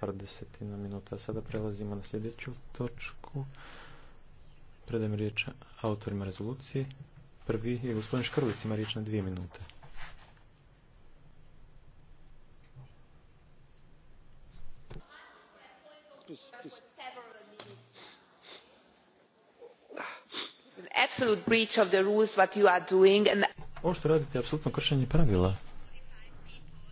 par desetina minuta. Sada prelazimo na sljedeću točku. Predajem riječ autorima rezolucije. Prvi je gospodin Škrlic, ima riječ na dvije minute. Ovo što radite je apsolutno kršenje pravila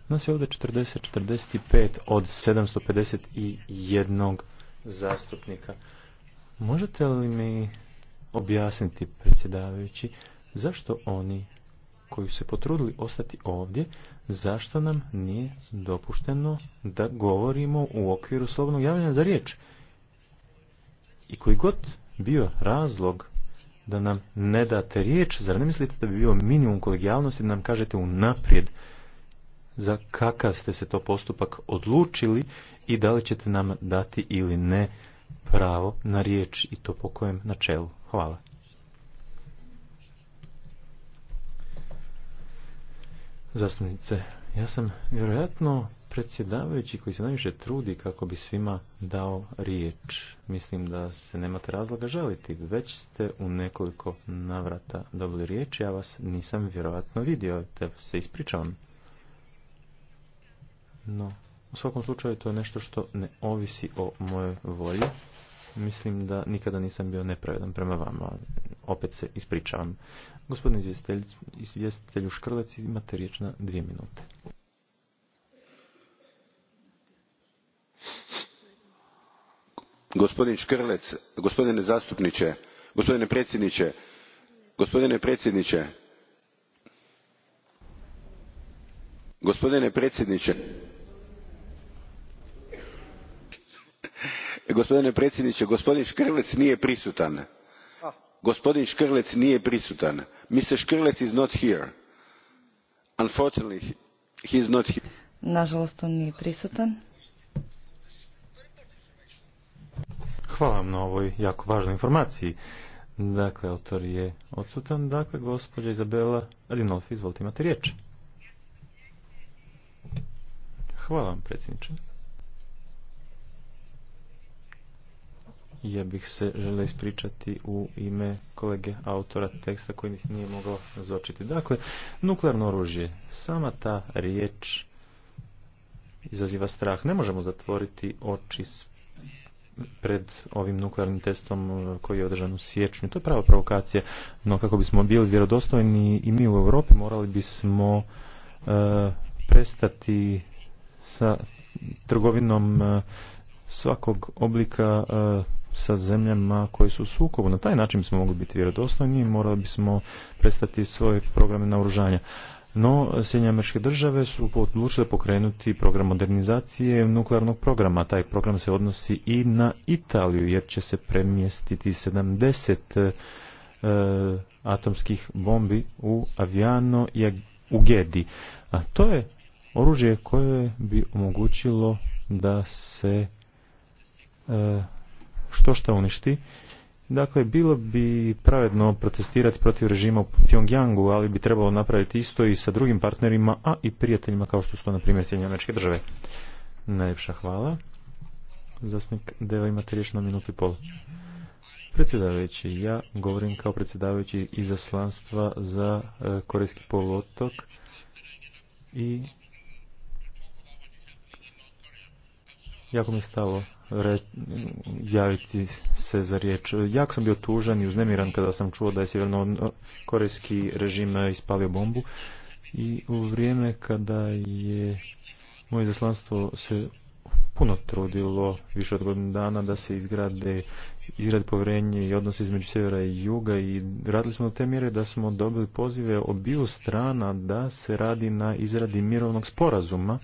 nas je ovdje 40-45 od 751 zastupnika. Možete li mi objasniti, predsjedavajući, zašto oni koji su se potrudili ostati ovdje, zašto nam nije dopušteno da govorimo u okviru slobodnog javljanja za riječ? I koji god bio razlog da nam ne date riječ, zar ne mislite da bi bio minimum kolegijalnosti da nam kažete unaprijed za kakav ste se to postupak odlučili i da li ćete nam dati ili ne pravo na riječ i to po kojem načelu. Hvala. Zastupnice, ja sam vjerojatno predsjedavajući koji se najviše trudi kako bi svima dao riječ. Mislim da se nemate razloga žaliti. Već ste u nekoliko navrata dobili riječ. Ja vas nisam vjerojatno vidio, te se ispričavam. No, u svakom slučaju to je nešto što ne ovisi o mojoj volji. Mislim da nikada nisam bio nepravedan prema vama. Opet se ispričavam. Gospodin izvjestitelj, izvjestitelju Škrlec, imate riječ na dvije minute. Gospodin Škrlec, gospodine zastupniče, gospodine predsjedniče, gospodine predsjedniče, gospodine predsjedniče, gospodine predsjedniče gospodin škrlec nije prisutan. gospodin škrlec nije prisutan. mr škrlec is not here. unfortunately he is not here. nažalost on nije prisutan. Hvala vam na ovoj jako važnoj informaciji. Dakle, autor je odsutan. Dakle, gospođa Izabela Rinolfi, izvolite imate riječ. Hvala vam, predsjedniče. ja bih se žele ispričati u ime kolege autora teksta koji nije mogao nazočiti. Dakle, nuklearno oružje, sama ta riječ izaziva strah. Ne možemo zatvoriti oči pred ovim nuklearnim testom e, koji je održan u siječnju. To je prava provokacija, no kako bismo bili vjerodostojni i mi u Europi morali bismo e, prestati sa trgovinom e, svakog oblika e, sa zemljama koje su u sukobu. Na taj način bismo mogli biti vjerodostojni i morali bismo prestati svoje programe naoružanja. No, Sjedinje američke države su odlučile pokrenuti program modernizacije nuklearnog programa. Taj program se odnosi i na Italiju, jer će se premjestiti 70 e, atomskih bombi u Aviano i u Gedi. A to je oružje koje bi omogućilo da se E, što što uništi. Dakle, bilo bi pravedno protestirati protiv režima u Pyongyangu, ali bi trebalo napraviti isto i sa drugim partnerima, a i prijateljima kao što su na primjer, Sjedinje američke države. Najljepša hvala. Zasnik Deva imate riječ na minutu i pol. Predsjedavajući, ja govorim kao predsjedavajući izaslanstva za e, Korejski polotok i jako mi je stalo re, javiti se za riječ. Jako sam bio tužan i uznemiran kada sam čuo da je sjeverno-korejski režim ispalio bombu i u vrijeme kada je moje zaslanstvo se puno trudilo više od godinu dana da se izgrade izgrade povjerenje i odnose između sjevera i juga i radili smo te mjere da smo dobili pozive obiju strana da se radi na izradi mirovnog sporazuma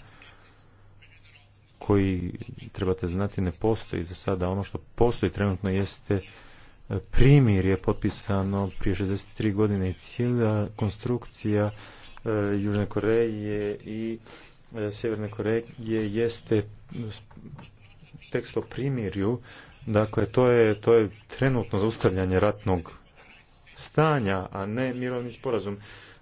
koji trebate znati ne postoji za sada. Ono što postoji trenutno jeste e, primjer je potpisano prije 63 godine i cijela konstrukcija e, Južne Koreje i e, Sjeverne Koreje jeste tekst o primirju. Dakle, to je, to je trenutno zaustavljanje ratnog stanja, a ne mirovni sporazum.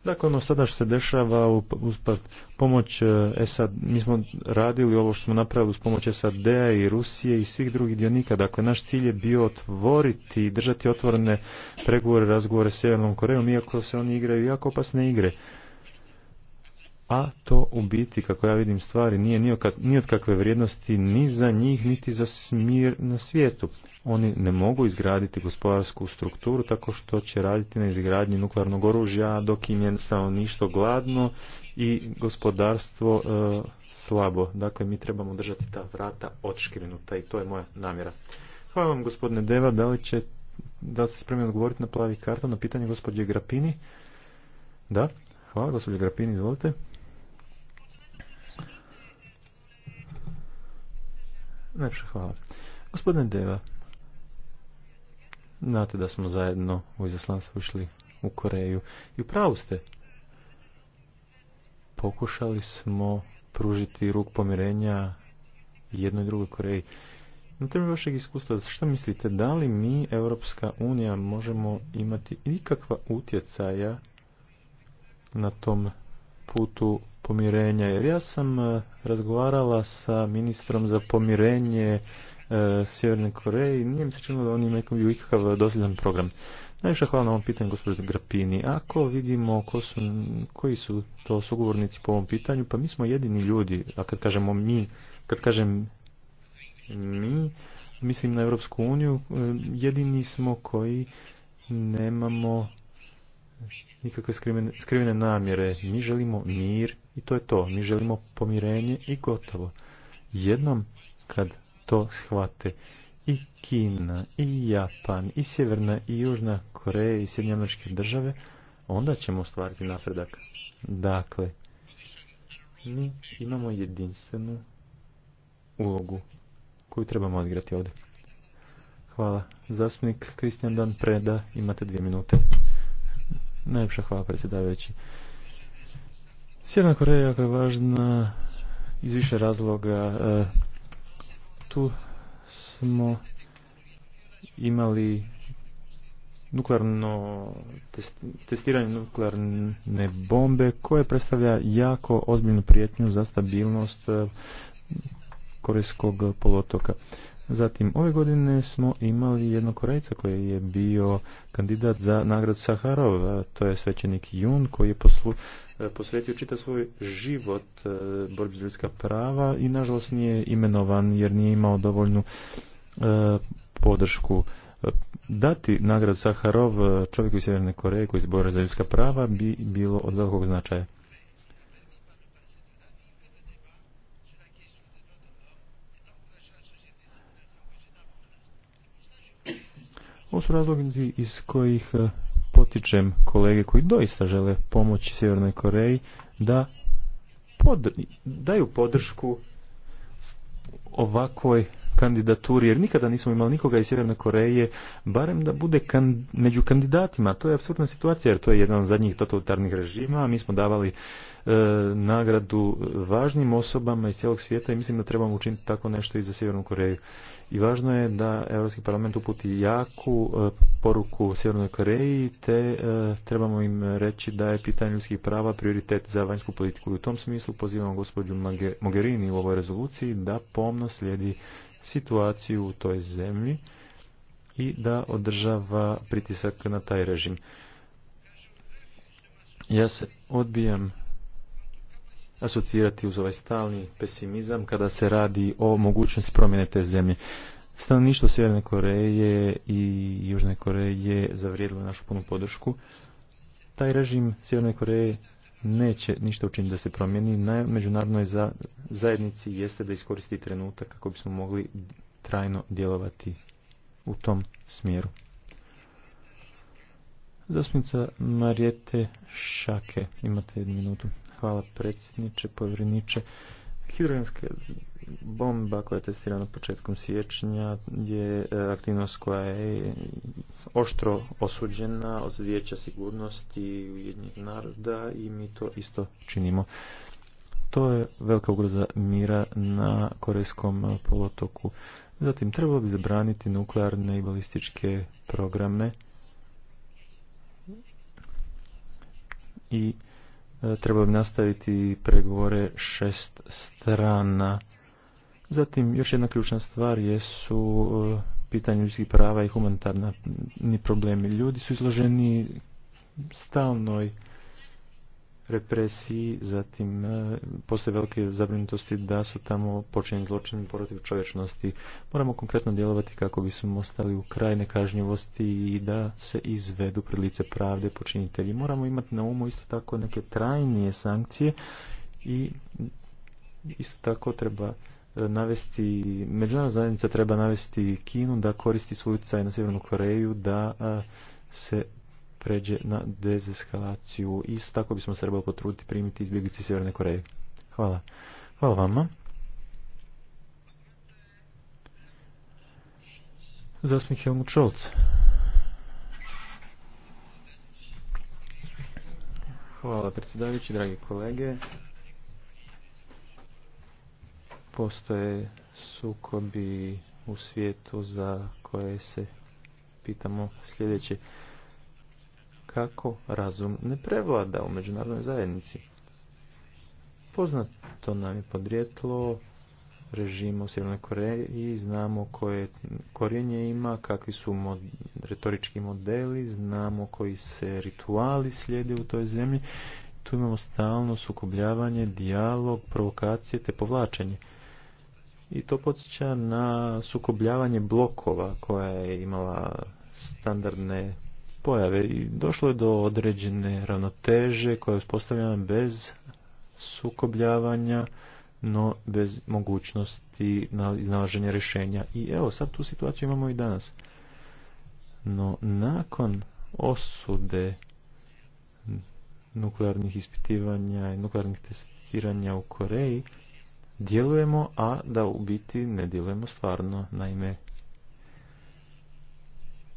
Dakle, ono sada što se dešava uz pa, pomoć e, SAD, mi smo radili ovo što smo napravili uz pomoć SAD-a i Rusije i svih drugih dionika. Dakle, naš cilj je bio otvoriti i držati otvorene pregovore, razgovore s Sjevernom Korejom, iako se oni igraju jako opasne igre a to u biti, kako ja vidim stvari, nije ni od kakve vrijednosti ni za njih, niti za smir na svijetu. Oni ne mogu izgraditi gospodarsku strukturu tako što će raditi na izgradnji nuklearnog oružja, dok im je stanovništvo gladno i gospodarstvo e, slabo. Dakle, mi trebamo držati ta vrata odškrinuta i to je moja namjera. Hvala vam, gospodine Deva, da li, će, da li ste spremni odgovoriti na plavi karton na pitanje gospođe Grapini? Da, hvala, gospođe Grapini, izvolite. ne hvala. Gospodine Deva, znate da smo zajedno u izaslanstvu išli u Koreju i u pravu ste. Pokušali smo pružiti ruk pomirenja jednoj drugoj Koreji. Na temelju vašeg iskustva, što mislite, da li mi, Europska unija, možemo imati ikakva utjecaja na tom putu pomirenja. Jer ja sam e, razgovarala sa ministrom za pomirenje e, Sjeverne Koreje i nije mi se činilo da oni imaju ikakav dosljedan program. Najviše hvala na ovom pitanju, gospođo Grapini. Ako vidimo ko su, koji su to sugovornici po ovom pitanju, pa mi smo jedini ljudi, a kad kažemo mi, kad kažem mi, mislim na Europsku uniju, e, jedini smo koji nemamo nikakve skrivene, skrivene namjere. Mi želimo mir i to je to. Mi želimo pomirenje i gotovo. Jednom kad to shvate i Kina, i Japan, i Sjeverna, i Južna Koreja, i Sjedinjamačke države, onda ćemo ostvariti napredak. Dakle, mi imamo jedinstvenu ulogu koju trebamo odgrati ovdje. Hvala. Zastupnik Kristijan Dan Preda, imate dvije minute. Najljepša hvala predsjedavajući. Sjeverna Koreja jako je važna iz više razloga. E, tu smo imali nuklearno testiranje nuklearne bombe koje predstavlja jako ozbiljnu prijetnju za stabilnost e, korejskog polotoka. Zatim, ove godine smo imali jednog Korejca koji je bio kandidat za nagrad Saharov, to je svećenik Jun koji je poslu, e, posvetio čita svoj život e, borbi za ljudska prava i nažalost nije imenovan jer nije imao dovoljnu e, podršku. Dati nagrad Saharov čovjeku iz Sjeverne Koreje koji se za ljudska prava bi bilo od velikog značaja. Ovo su razlogi iz kojih e, potičem kolege koji doista žele pomoći Sjevernoj Koreji da pod, daju podršku ovakvoj kandidaturi, jer nikada nismo imali nikoga iz Sjeverne Koreje, barem da bude među kandidatima. To je apsurdna situacija, jer to je jedan od zadnjih totalitarnih režima, a mi smo davali e, nagradu važnim osobama iz cijelog svijeta i mislim da trebamo učiniti tako nešto i za Sjevernu Koreju. I važno je da Europski parlament uputi jaku e, poruku Sjevernoj Koreji, te e, trebamo im reći da je pitanje ljudskih prava prioritet za vanjsku politiku. I u tom smislu pozivamo gospođu Mogherini u ovoj rezoluciji da pomno slijedi situaciju u toj zemlji i da održava pritisak na taj režim. Ja se odbijam asocirati uz ovaj stalni pesimizam kada se radi o mogućnosti promjene te zemlje. Stanovništvo Sjeverne Koreje i Južne Koreje zavrijedilo našu punu podršku. Taj režim Sjeverne Koreje neće ništa učiniti da se promijeni na međunarodnoj zajednici jeste da iskoristi trenutak kako bismo mogli trajno djelovati u tom smjeru. Zastupnica Marijete Šake, imate jednu minutu. Hvala predsjedniče, povjereniče. Hidrogenske bomba koja je testirana početkom siječnja je e, aktivnost koja je oštro osuđena od vijeća sigurnosti Ujedinjenih naroda i mi to isto činimo. To je velika ugroza mira na Korejskom polotoku. Zatim, trebalo bi zabraniti nuklearne i balističke programe i e, trebalo bi nastaviti pregovore šest strana Zatim, još jedna ključna stvar jesu e, pitanje ljudskih prava i humanitarni problemi. Ljudi su izloženi stalnoj represiji, zatim e, postoje velike zabrinutosti da su tamo počinjeni zločini protiv čovječnosti. Moramo konkretno djelovati kako bismo ostali u kraj nekažnjivosti i da se izvedu pred lice pravde počinitelji. Moramo imati na umu isto tako neke trajnije sankcije i isto tako treba navesti, međunarodna zajednica treba navesti Kinu da koristi svoj utjecaj na Sjevernu Koreju da se pređe na dezeskalaciju. Isto tako bismo se trebali potruditi primiti izbjeglice Sjeverne Koreje. Hvala. Hvala vama. Hvala predsjedavajući, dragi kolege postoje sukobi u svijetu za koje se pitamo sljedeće. Kako razum ne prevlada u međunarodnoj zajednici? Poznato nam je podrijetlo režima u Sjevernoj Koreji, znamo koje korijenje ima, kakvi su retorički modeli, znamo koji se rituali slijede u toj zemlji. Tu imamo stalno sukobljavanje, dijalog, provokacije te povlačenje i to podsjeća na sukobljavanje blokova koja je imala standardne pojave i došlo je do određene ravnoteže koja je uspostavljena bez sukobljavanja, no bez mogućnosti iznalaženja rješenja. I evo, sad tu situaciju imamo i danas. No, nakon osude nuklearnih ispitivanja i nuklearnih testiranja u Koreji, djelujemo, a da u biti ne djelujemo stvarno. Naime,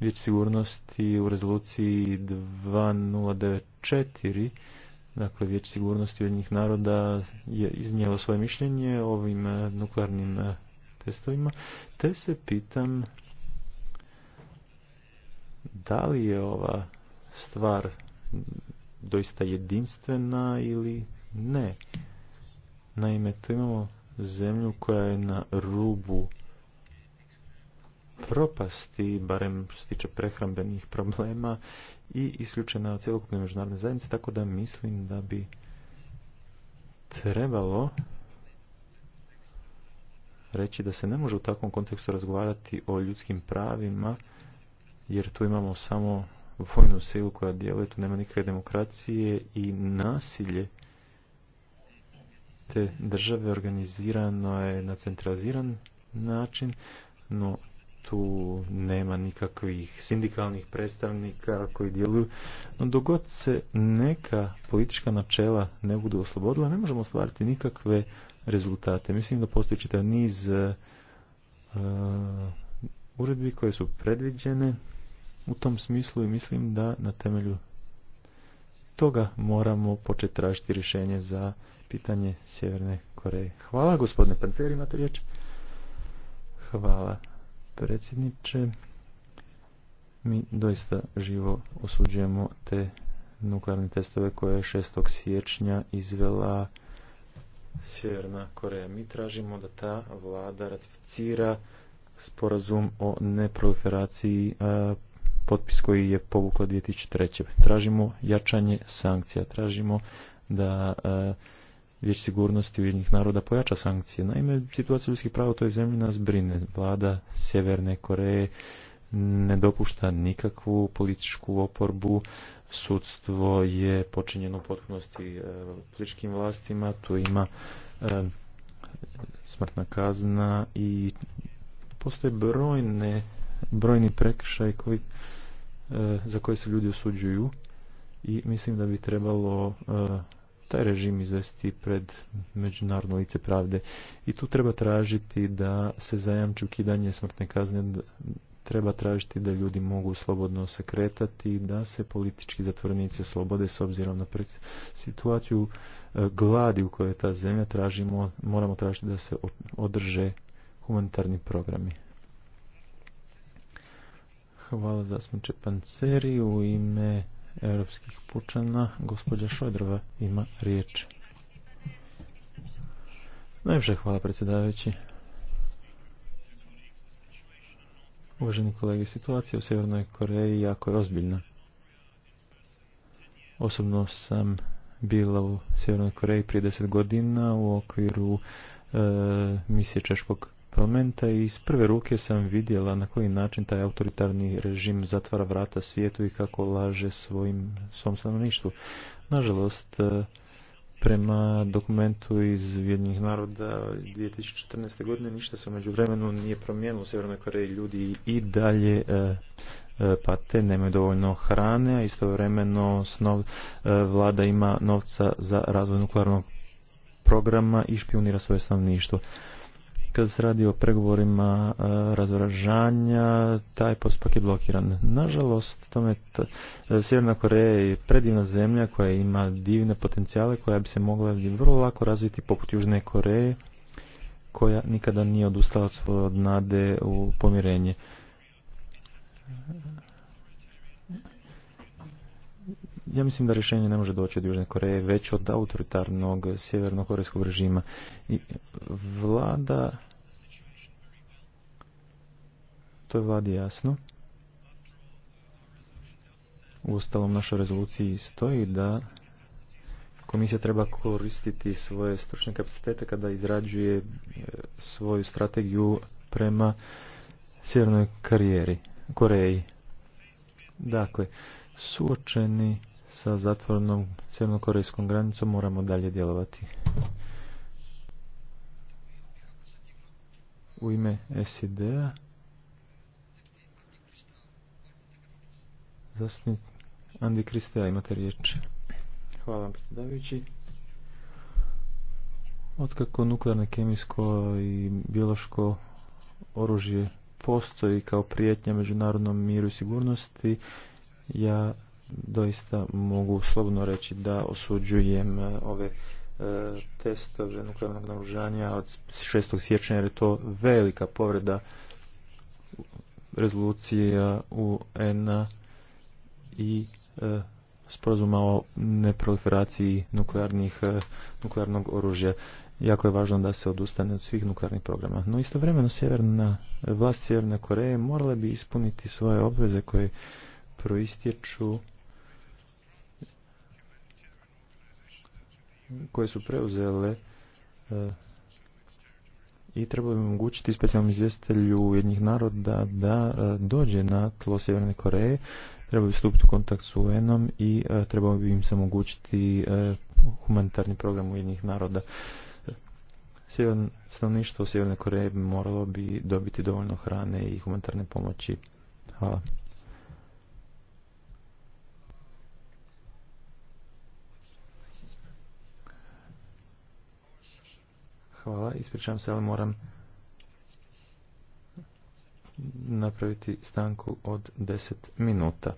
Vijeće sigurnosti u rezoluciji 2094, dakle Vijeće sigurnosti jednih naroda je iznijelo svoje mišljenje o ovim nuklearnim testovima, te se pitam da li je ova stvar doista jedinstvena ili ne. Naime, tu imamo zemlju koja je na rubu propasti, barem što se tiče prehrambenih problema i isključena od cjelokupne međunarodne zajednice, tako da mislim da bi trebalo reći da se ne može u takvom kontekstu razgovarati o ljudskim pravima, jer tu imamo samo vojnu silu koja djeluje, tu nema nikakve demokracije i nasilje te države organizirano je na centraliziran način, no tu nema nikakvih sindikalnih predstavnika koji djeluju. No dogod se neka politička načela ne budu oslobodila, ne možemo ostvariti nikakve rezultate. Mislim da postoji čitav niz uh, uredbi koje su predviđene u tom smislu i mislim da na temelju toga moramo početi tražiti rješenje za pitanje Sjeverne Koreje. Hvala, gospodine Panceri, imate riječ. Hvala, predsjedniče. Mi doista živo osuđujemo te nuklearne testove koje je 6. siječnja izvela Sjeverna Koreja. Mi tražimo da ta vlada ratificira sporazum o neproliferaciji potpis koji je povukla 2003. Tražimo jačanje sankcija, tražimo da e, sigurnosti Ujedinjenih naroda pojača sankcije. Naime, situacija ljudskih prava u toj zemlji nas brine. Vlada Sjeverne Koreje ne dopušta nikakvu političku oporbu. Sudstvo je počinjeno u potpunosti e, političkim vlastima. Tu ima e, smrtna kazna i postoje brojne brojni prekršaj koji E, za koje se ljudi osuđuju i mislim da bi trebalo e, taj režim izvesti pred međunarodno lice pravde. I tu treba tražiti da se zajamči ukidanje smrtne kazne, treba tražiti da ljudi mogu slobodno se kretati, da se politički zatvornici oslobode s obzirom na situaciju e, gladi u kojoj ta zemlja, tražimo, moramo tražiti da se održe humanitarni programi. Hvala zastupniče Panceri. U ime europskih pučana gospođa Šodrova ima riječ. Najviše hvala predsjedavajući. Uvaženi kolege, situacija u Sjevernoj Koreji jako je ozbiljna. Osobno sam bila u Sjevernoj Koreji prije deset godina u okviru e, misije Češkog parlamenta i iz prve ruke sam vidjela na koji način taj autoritarni režim zatvara vrata svijetu i kako laže svojim, svom stanovništvu. Nažalost, e, prema dokumentu iz Vjednjih naroda 2014. godine ništa se među vremenu nije promijenilo u Sjevernoj Koreji. Ljudi i dalje e, e, pate, nemaju dovoljno hrane, a istovremeno snov, vlada ima novca za razvoj nuklearnog programa i špionira svoje stanovništvo kad se radi o pregovorima e, razoražanja, taj postupak je blokiran. Nažalost, tome e, Sjeverna Koreja je predivna zemlja koja ima divne potencijale koja bi se mogla vrlo lako razviti poput Južne Koreje koja nikada nije odustala od nade u pomirenje. Ja mislim da rješenje ne može doći od Južne Koreje, već od autoritarnog sjevernokorejskog režima. I vlada... To je vladi jasno. U ostalom našoj rezoluciji stoji da komisija treba koristiti svoje stručne kapacitete kada izrađuje e, svoju strategiju prema sjevernoj karijeri, Koreji. Dakle, suočeni sa zatvornom Korejskom granicom moramo dalje djelovati. U ime SID-a zastupnik Andi Kristeja imate riječ. Hvala vam predsjedavajući. Otkako nuklearno kemijsko i biološko oružje postoji kao prijetnja međunarodnom miru i sigurnosti, ja doista mogu slobodno reći da osuđujem e, ove e, testove nuklearnog naružanja od 6. siječnja jer je to velika povreda rezolucija un i e, sporazuma o neproliferaciji nuklearnih, e, nuklearnog oružja. Jako je važno da se odustane od svih nuklearnih programa. No istovremeno sjeverna, vlast Sjeverne Koreje morale bi ispuniti svoje obveze koje proistječu koje su preuzele e, i treba bi omogućiti specijalnom izvjestitelju jednih naroda da e, dođe na tlo Sjeverne Koreje, treba bi stupiti u kontakt s un i e, treba bi im se omogućiti humanitarni program jednih naroda. Stavništvo stanovništvo Sjeverne Koreje moralo bi dobiti dovoljno hrane i humanitarne pomoći. Hvala. Hvala, ispričavam se, ali moram napraviti stanku od 10 minuta.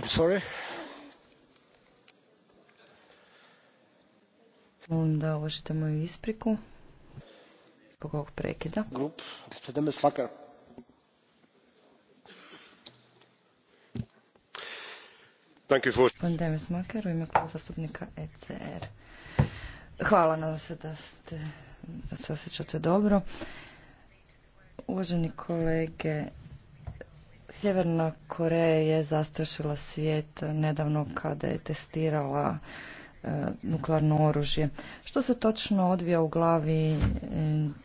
I'm sorry. Molim da moju ispriku zbog ovog prekida. Grup, Slakar. Gospodin Demis Makar, u ime kluba zastupnika ECR. Hvala na se da, ste, da se osjećate dobro. Uvaženi kolege, Sjeverna Koreja je zastrašila svijet nedavno kada je testirala e, nuklearno oružje. Što se točno odvija u glavi e,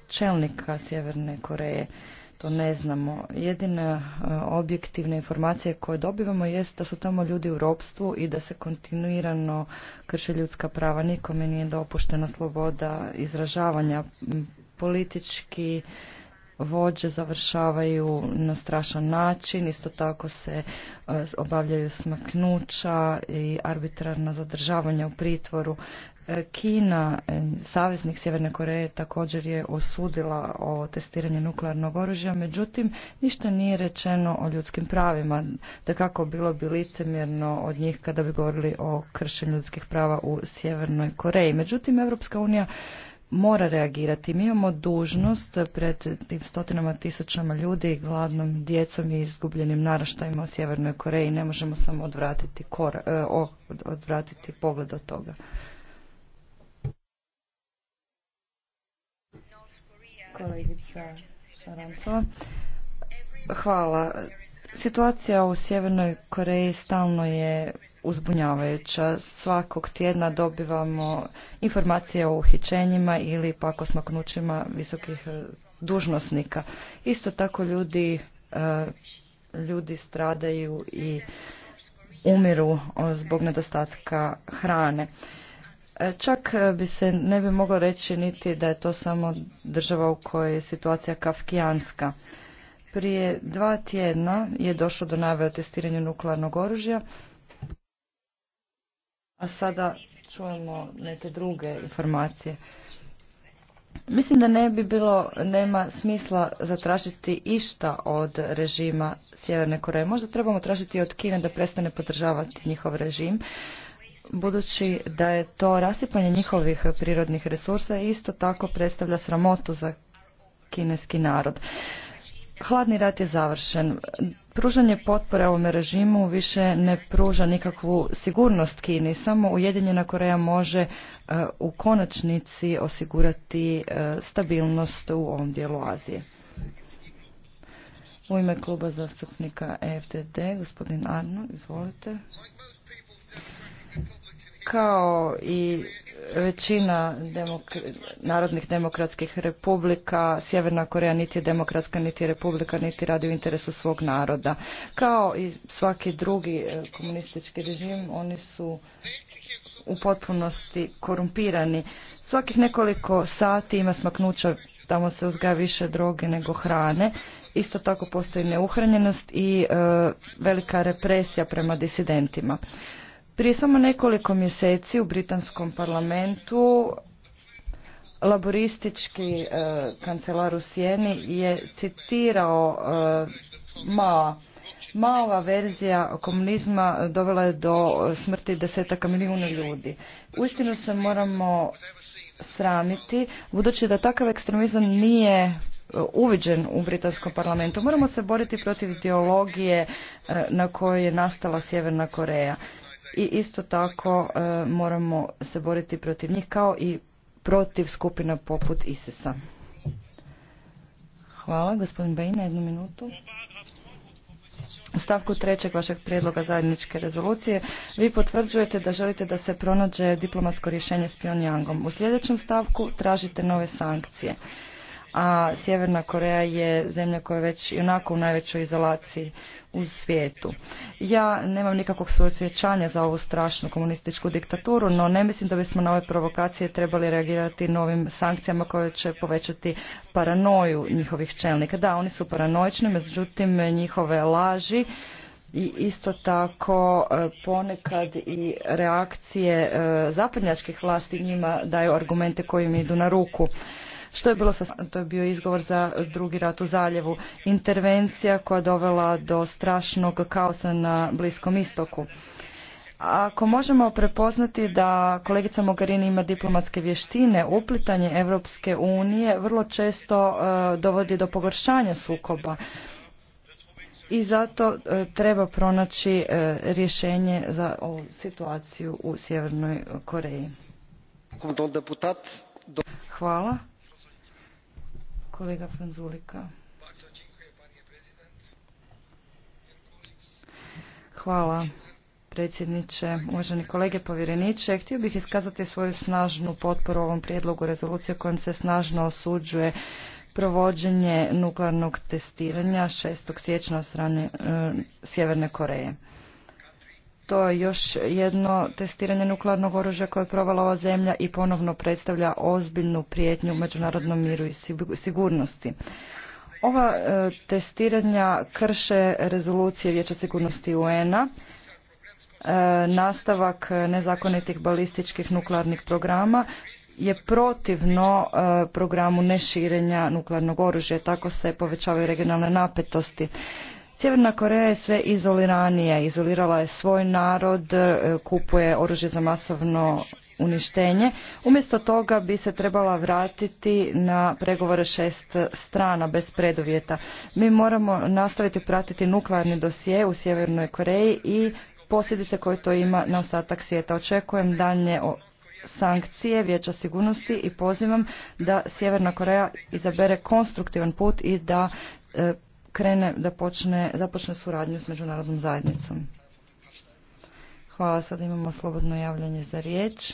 čelnika Sjeverne Koreje? To ne znamo. Jedina e, objektivna informacija koje dobivamo jest da su tamo ljudi u ropstvu i da se kontinuirano krše ljudska prava. Nikome nije dopuštena sloboda izražavanja politički vođe završavaju na strašan način, isto tako se e, obavljaju smaknuća i arbitrarna zadržavanja u pritvoru. E, Kina, e, saveznik Sjeverne Koreje, također je osudila o testiranje nuklearnog oružja, međutim, ništa nije rečeno o ljudskim pravima. Da kako bilo bi licemjerno od njih kada bi govorili o kršenju ljudskih prava u Sjevernoj Koreji. Međutim, Europska unija mora reagirati. Mi imamo dužnost pred tim stotinama tisućama ljudi, gladnom djecom i izgubljenim naraštajima u Sjevernoj Koreji. Ne možemo samo odvratiti, e, odvratiti pogled od toga. Hvala. Situacija u Sjevernoj Koreji stalno je uzbunjavajuća. Svakog tjedna dobivamo informacije o uhićenjima ili pak o smaknućima visokih e, dužnosnika. Isto tako ljudi, e, ljudi stradaju i umiru zbog nedostatka hrane. E, čak bi se ne bi moglo reći niti da je to samo država u kojoj je situacija kafkijanska. Prije dva tjedna je došlo do nave o testiranju nuklearnog oružja, a sada čujemo neke druge informacije. Mislim da ne bi bilo, nema smisla zatražiti išta od režima Sjeverne Koreje. Možda trebamo tražiti od Kine da prestane podržavati njihov režim, budući da je to rasipanje njihovih prirodnih resursa isto tako predstavlja sramotu za kineski narod. Hladni rat je završen. Pružanje potpore ovome režimu više ne pruža nikakvu sigurnost Kini. Samo Ujedinjena Koreja može e, u konačnici osigurati e, stabilnost u ovom dijelu Azije. U ime kluba zastupnika EFDD, gospodin Arno, izvolite. Kao i većina narodnih demokratskih republika, Sjeverna Koreja niti je demokratska, niti je republika, niti radi u interesu svog naroda. Kao i svaki drugi e, komunistički režim, oni su u potpunosti korumpirani. Svakih nekoliko sati ima smaknuća, tamo se uzgaja više droge nego hrane. Isto tako postoji neuhranjenost i e, velika represija prema disidentima. Prije samo nekoliko mjeseci u Britanskom parlamentu laboristički e, kancelar u Sijeni je citirao e, Mao. Mala verzija komunizma dovela je do smrti desetaka milijuna ljudi. Uistinu se moramo sramiti, budući da takav ekstremizam nije e, uviđen u Britanskom parlamentu. Moramo se boriti protiv ideologije na kojoj je nastala Sjeverna Koreja i isto tako e, moramo se boriti protiv njih kao i protiv skupina poput ISIS-a. Hvala, gospodin Bajina, jednu minutu. U stavku trećeg vašeg prijedloga zajedničke rezolucije vi potvrđujete da želite da se pronađe diplomatsko rješenje s Pyongyangom. U sljedećem stavku tražite nove sankcije a Sjeverna Koreja je zemlja koja je već i onako u najvećoj izolaciji u svijetu. Ja nemam nikakvog suosjećanja za ovu strašnu komunističku diktaturu, no ne mislim da bismo na ove provokacije trebali reagirati novim sankcijama koje će povećati paranoju njihovih čelnika. Da, oni su paranoični, međutim njihove laži i isto tako e, ponekad i reakcije e, zapadnjačkih vlasti njima daju argumente koji im idu na ruku. Što je bilo sa, to je bio izgovor za drugi rat u zaljevu. Intervencija koja dovela do strašnog kaosa na Bliskom istoku. Ako možemo prepoznati da kolegica Mogherini ima diplomatske vještine, uplitanje Europske unije vrlo često e, dovodi do pogoršanja sukoba i zato e, treba pronaći e, rješenje za ovu situaciju u Sjevernoj Koreji. Hvala kolega Franzulika. Hvala predsjedniče, uvaženi kolege povjereniče. Htio bih iskazati svoju snažnu potporu ovom prijedlogu rezolucije kojom se snažno osuđuje provođenje nuklearnog testiranja 6. siječnja od strane e, Sjeverne Koreje. To je još jedno testiranje nuklearnog oružja koje je provala ova zemlja i ponovno predstavlja ozbiljnu prijetnju međunarodnom miru i sigurnosti. Ova e, testiranja krše rezolucije Vijeća sigurnosti UN-a, e, nastavak nezakonitih balističkih nuklearnih programa je protivno e, programu neširenja nuklearnog oružja, tako se povećavaju regionalne napetosti. Sjeverna Koreja je sve izoliranija, izolirala je svoj narod, e, kupuje oružje za masovno uništenje. Umjesto toga bi se trebala vratiti na pregovore šest strana bez predovjeta. Mi moramo nastaviti pratiti nuklearni dosije u Sjevernoj Koreji i posljedice koje to ima na ostatak svijeta. Očekujem dalje sankcije Vijeća sigurnosti i pozivam da Sjeverna Koreja izabere konstruktivan put i da e, krene, da počne, započne suradnju s međunarodnom zajednicom. Hvala, sad imamo slobodno javljanje za riječ.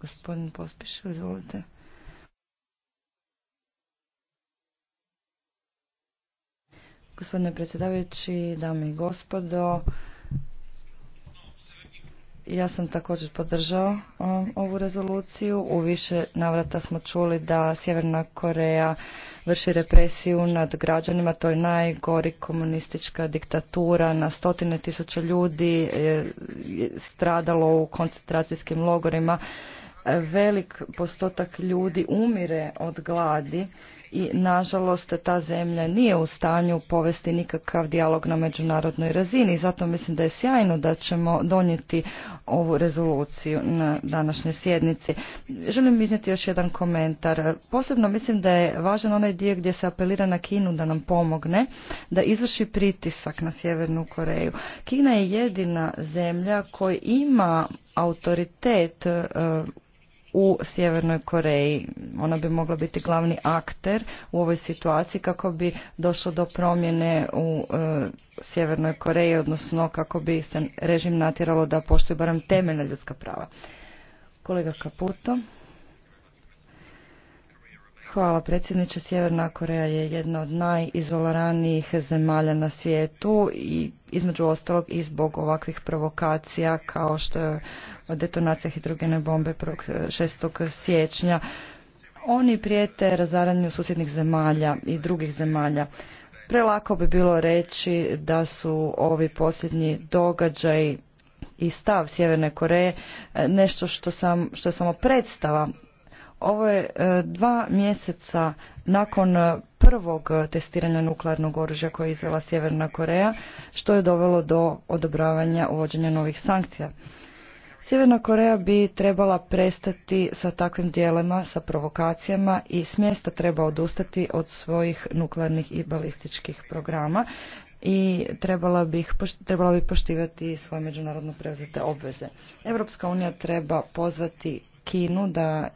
Gospodin Pospiš, izvolite. Gospodine predsjedavajući, dame i gospodo, ja sam također podržao ovu rezoluciju. U više navrata smo čuli da Sjeverna Koreja vrši represiju nad građanima. To je najgori komunistička diktatura. Na stotine tisuća ljudi je stradalo u koncentracijskim logorima. Velik postotak ljudi umire od gladi i nažalost ta zemlja nije u stanju povesti nikakav dijalog na međunarodnoj razini i zato mislim da je sjajno da ćemo donijeti ovu rezoluciju na današnje sjednici. Želim iznijeti još jedan komentar. Posebno mislim da je važan onaj dio gdje se apelira na Kinu da nam pomogne da izvrši pritisak na Sjevernu Koreju. Kina je jedina zemlja koja ima autoritet e, u Sjevernoj Koreji. Ona bi mogla biti glavni akter u ovoj situaciji kako bi došlo do promjene u e, Sjevernoj Koreji, odnosno kako bi se režim natjeralo da poštuje barem temeljna ljudska prava. Kolega Kaputo. Hvala predsjedniče. Sjeverna Koreja je jedna od najizolaranijih zemalja na svijetu i između ostalog i zbog ovakvih provokacija kao što je detonacija hidrogene bombe 6. siječnja. Oni prijete razaranju susjednih zemalja i drugih zemalja. Prelako bi bilo reći da su ovi posljednji događaj i stav Sjeverne Koreje e, nešto što, sam, što samo predstava ovo je e, dva mjeseca nakon e, prvog testiranja nuklearnog oružja koje je izvela Sjeverna Koreja, što je dovelo do odobravanja uvođenja novih sankcija. Sjeverna Koreja bi trebala prestati sa takvim dijelima, sa provokacijama i smjesta treba odustati od svojih nuklearnih i balističkih programa i trebala bi, trebala bi poštivati svoje međunarodno preuzete obveze. Europska unija treba pozvati Kinu da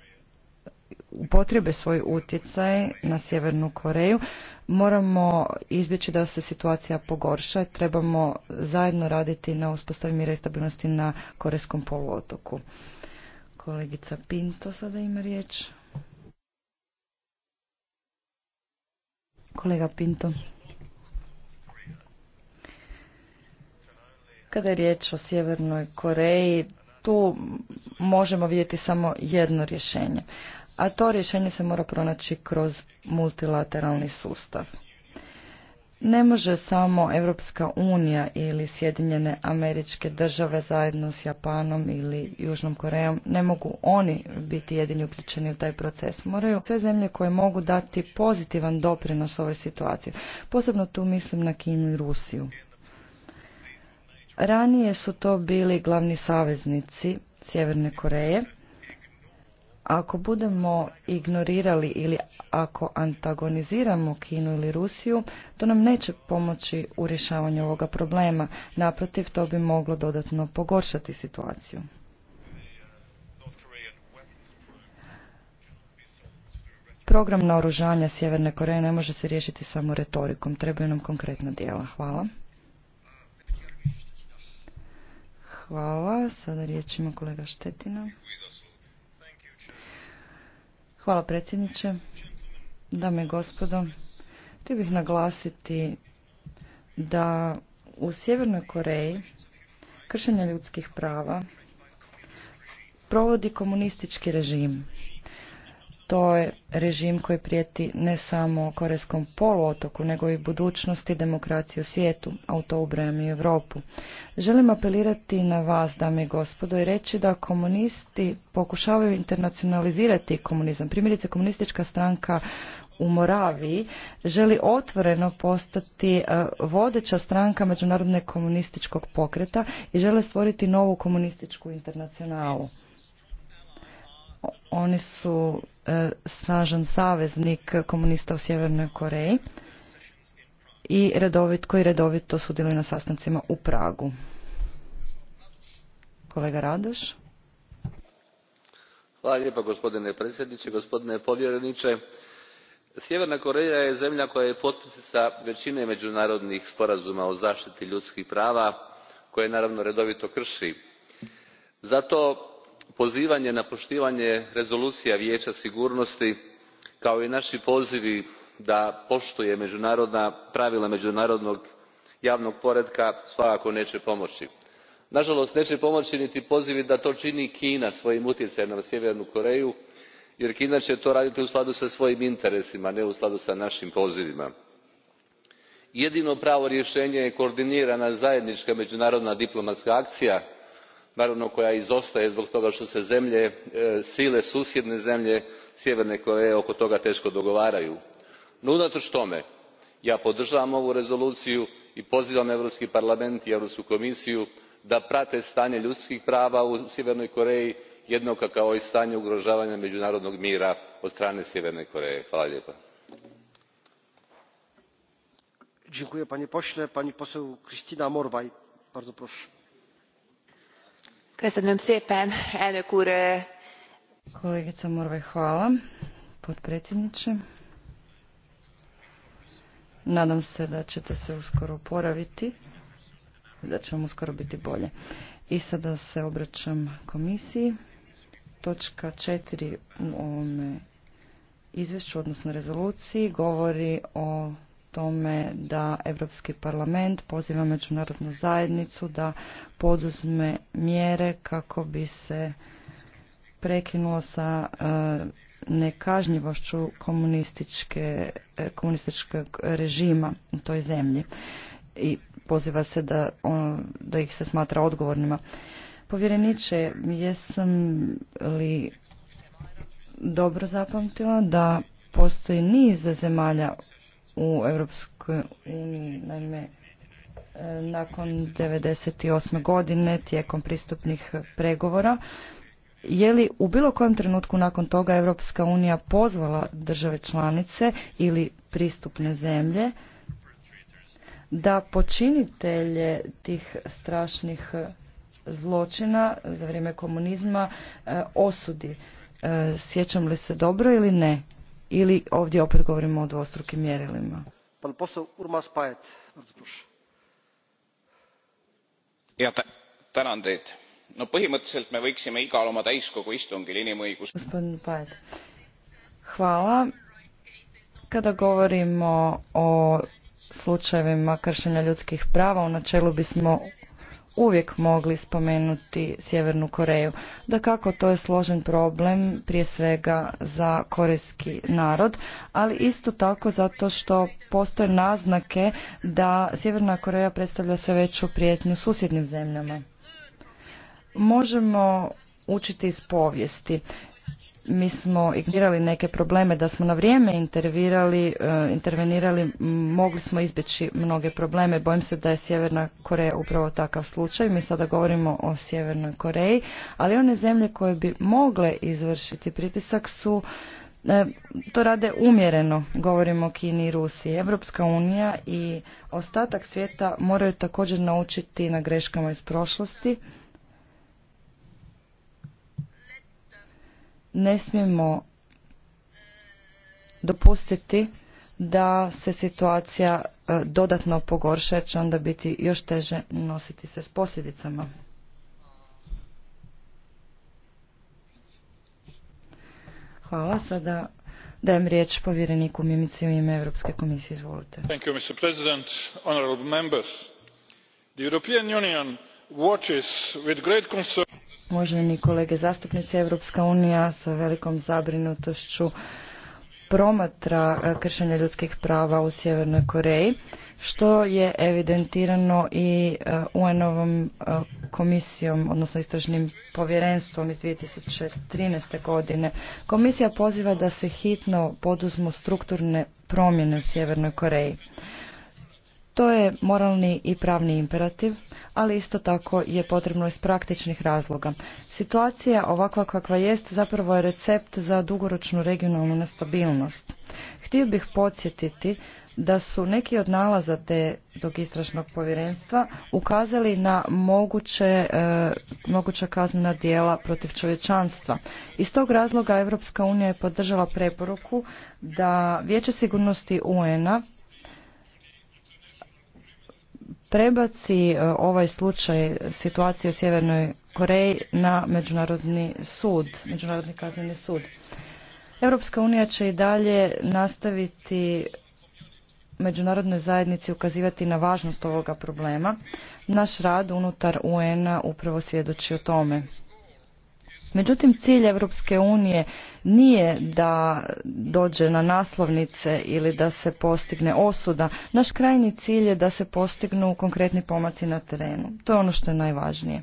upotrebe svoj utjecaj na Sjevernu Koreju, moramo izbjeći da se situacija pogorša. Trebamo zajedno raditi na uspostavi mira i stabilnosti na Korejskom poluotoku. Kolegica Pinto sada ima riječ. Kolega Pinto. Kada je riječ o Sjevernoj Koreji, tu možemo vidjeti samo jedno rješenje a to rješenje se mora pronaći kroz multilateralni sustav. Ne može samo Europska unija ili Sjedinjene američke države zajedno s Japanom ili Južnom Korejom, ne mogu oni biti jedini uključeni u taj proces. Moraju sve zemlje koje mogu dati pozitivan doprinos ovoj situaciji. Posebno tu mislim na Kinu i Rusiju. Ranije su to bili glavni saveznici Sjeverne Koreje, ako budemo ignorirali ili ako antagoniziramo Kinu ili Rusiju, to nam neće pomoći u rješavanju ovoga problema. Naprotiv, to bi moglo dodatno pogoršati situaciju. Program naoružanja Sjeverne Koreje ne može se riješiti samo retorikom, trebaju nam konkretna djela. Hvala. Hvala. Sada riječ ima kolega Štetina. Hvala predsjedniče. Dame i gospodo, htio bih naglasiti da u Sjevernoj Koreji kršenje ljudskih prava provodi komunistički režim. To je režim koji prijeti ne samo Korejskom poluotoku, nego i budućnosti demokracije u svijetu, a u to ubrajam i Europu. Želim apelirati na vas, dame i gospodo, i reći da komunisti pokušavaju internacionalizirati komunizam. Primjerice, komunistička stranka u Moraviji želi otvoreno postati e, vodeća stranka međunarodne komunističkog pokreta i žele stvoriti novu komunističku internacionalu. Oni su e, snažan saveznik komunista u Sjevernoj Koreji i redovit, koji redovito sudjeluju na sastancima u Pragu. Kolega Radoš. Hvala lijepa gospodine predsjedniče, gospodine povjereniče. Sjeverna Koreja je zemlja koja je sa većine međunarodnih sporazuma o zaštiti ljudskih prava koje naravno redovito krši. Zato pozivanje na poštivanje rezolucija vijeća sigurnosti kao i naši pozivi da poštuje međunarodna pravila međunarodnog javnog poretka svakako neće pomoći. nažalost neće pomoći niti pozivi da to čini kina svojim utjecajem na sjevernu koreju jer kina će to raditi u skladu sa svojim interesima ne u skladu s našim pozivima. jedino pravo rješenje je koordinirana zajednička međunarodna diplomatska akcija naravno koja izostaje zbog toga što se zemlje e, sile susjedne zemlje sjeverne koreje oko toga teško dogovaraju. no unatoč tome ja podržavam ovu rezoluciju i pozivam europski parlament i europsku komisiju da prate stanje ljudskih prava u sjevernoj koreji jednako kao i stanje ugrožavanja međunarodnog mira od strane sjeverne koreje. hvala Kolegica morvai hvala. Potpredsjedniče. Nadam se da ćete se uskoro oporaviti i da ćemo vam uskoro biti bolje. I sada se obraćam komisiji. Točka 4 u ovome izvješću, odnosno rezoluciji, govori o tome da Europski parlament poziva međunarodnu zajednicu da poduzme mjere kako bi se prekinulo sa e, nekažnjivošću komunističke, e, komunističkog režima u toj zemlji i poziva se da, da ih se smatra odgovornima. Povjereniče, jesam li dobro zapamtila da postoji niz zemalja u Europskoj uniji. Naime, e, nakon 1998. godine tijekom pristupnih pregovora, je li u bilo kojem trenutku nakon toga Europska unija pozvala države članice ili pristupne zemlje da počinitelje tih strašnih zločina za vrijeme komunizma e, osudi. E, sjećam li se dobro ili ne? ili ovdje opet govorimo o dvostrukim mjerilima. No, põhimõtteliselt me Hvala. Kada govorimo o slučajevima kršenja ljudskih prava, u načelu bismo uvijek mogli spomenuti Sjevernu Koreju. Da kako to je složen problem prije svega za korejski narod, ali isto tako zato što postoje naznake da Sjeverna Koreja predstavlja sve veću prijetnju susjednim zemljama. Možemo učiti iz povijesti mi smo ignorirali neke probleme, da smo na vrijeme intervirali, e, intervenirali, mogli smo izbjeći mnoge probleme. Bojim se da je Sjeverna Koreja upravo takav slučaj. Mi sada govorimo o Sjevernoj Koreji, ali one zemlje koje bi mogle izvršiti pritisak su e, to rade umjereno, govorimo o Kini i Rusiji. Evropska unija i ostatak svijeta moraju također naučiti na greškama iz prošlosti ne smijemo dopustiti da se situacija e, dodatno pogorša jer će onda biti još teže nositi se s posljedicama. Hvala. Sada dajem riječ povjereniku Mimici u ime Europske komisije. Izvolite. Thank you, Mr. President, honorable members. The European Union watches with great concern Uvaženi kolege zastupnici, Europska unija sa velikom zabrinutošću promatra e, kršenje ljudskih prava u Sjevernoj Koreji, što je evidentirano i e, UN-ovom e, komisijom, odnosno istražnim povjerenstvom iz 2013. godine. Komisija poziva da se hitno poduzmu strukturne promjene u Sjevernoj Koreji. To je moralni i pravni imperativ, ali isto tako je potrebno iz praktičnih razloga. Situacija ovakva kakva jest zapravo je recept za dugoročnu regionalnu nestabilnost. Htio bih podsjetiti da su neki od nalaza te dog istražnog povjerenstva ukazali na moguće, e, moguća kaznena dijela protiv čovječanstva. Iz tog razloga Europska unija je podržala preporuku da Vijeće sigurnosti UN-a prebaci e, ovaj slučaj situacije u Sjevernoj Koreji na Međunarodni sud, Međunarodni kazneni sud. Europska unija će i dalje nastaviti međunarodnoj zajednici ukazivati na važnost ovoga problema. Naš rad unutar UN-a upravo svjedoči o tome. Međutim, cilj Europske unije nije da dođe na naslovnice ili da se postigne osuda. Naš krajnji cilj je da se postignu konkretni pomaci na terenu. To je ono što je najvažnije.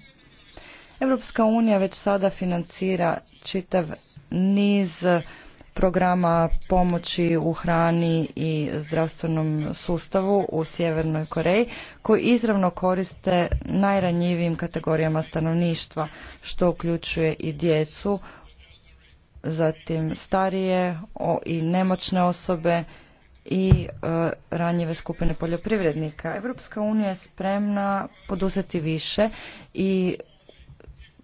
Europska unija već sada financira čitav niz programa pomoći u hrani i zdravstvenom sustavu u Sjevernoj Koreji koji izravno koriste najranjivijim kategorijama stanovništva što uključuje i djecu, zatim starije i nemoćne osobe i e, ranjive skupine poljoprivrednika. Europska unija je spremna poduzeti više i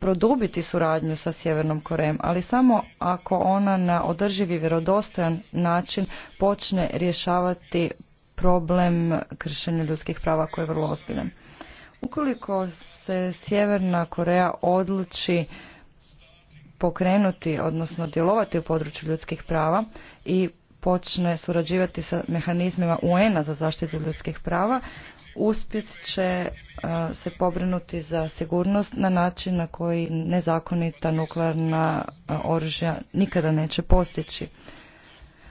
produbiti suradnju sa Sjevernom Korejom, ali samo ako ona na održivi vjerodostojan način počne rješavati problem kršenja ljudskih prava koji je vrlo ozbiljan. Ukoliko se Sjeverna Koreja odluči pokrenuti, odnosno djelovati u području ljudskih prava i počne surađivati sa mehanizmima UN-a za zaštitu ljudskih prava, uspjet će e, se pobrinuti za sigurnost na način na koji nezakonita nuklearna e, oružja nikada neće postići.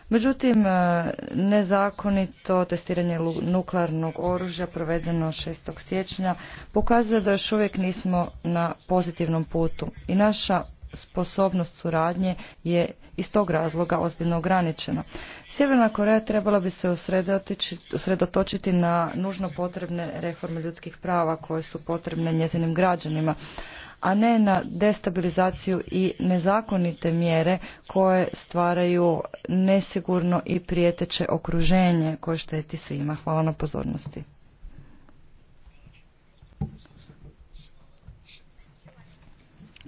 Međutim, e, nezakonito testiranje nuklearnog oružja provedeno 6. siječnja pokazuje da još uvijek nismo na pozitivnom putu i naša sposobnost suradnje je iz tog razloga ozbiljno ograničena. Sjeverna Koreja trebala bi se usredotočiti na nužno potrebne reforme ljudskih prava koje su potrebne njezinim građanima a ne na destabilizaciju i nezakonite mjere koje stvaraju nesigurno i prijeteće okruženje koje šteti svima. Hvala na pozornosti.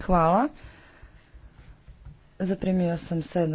Hvala. Zaprimio sam sedam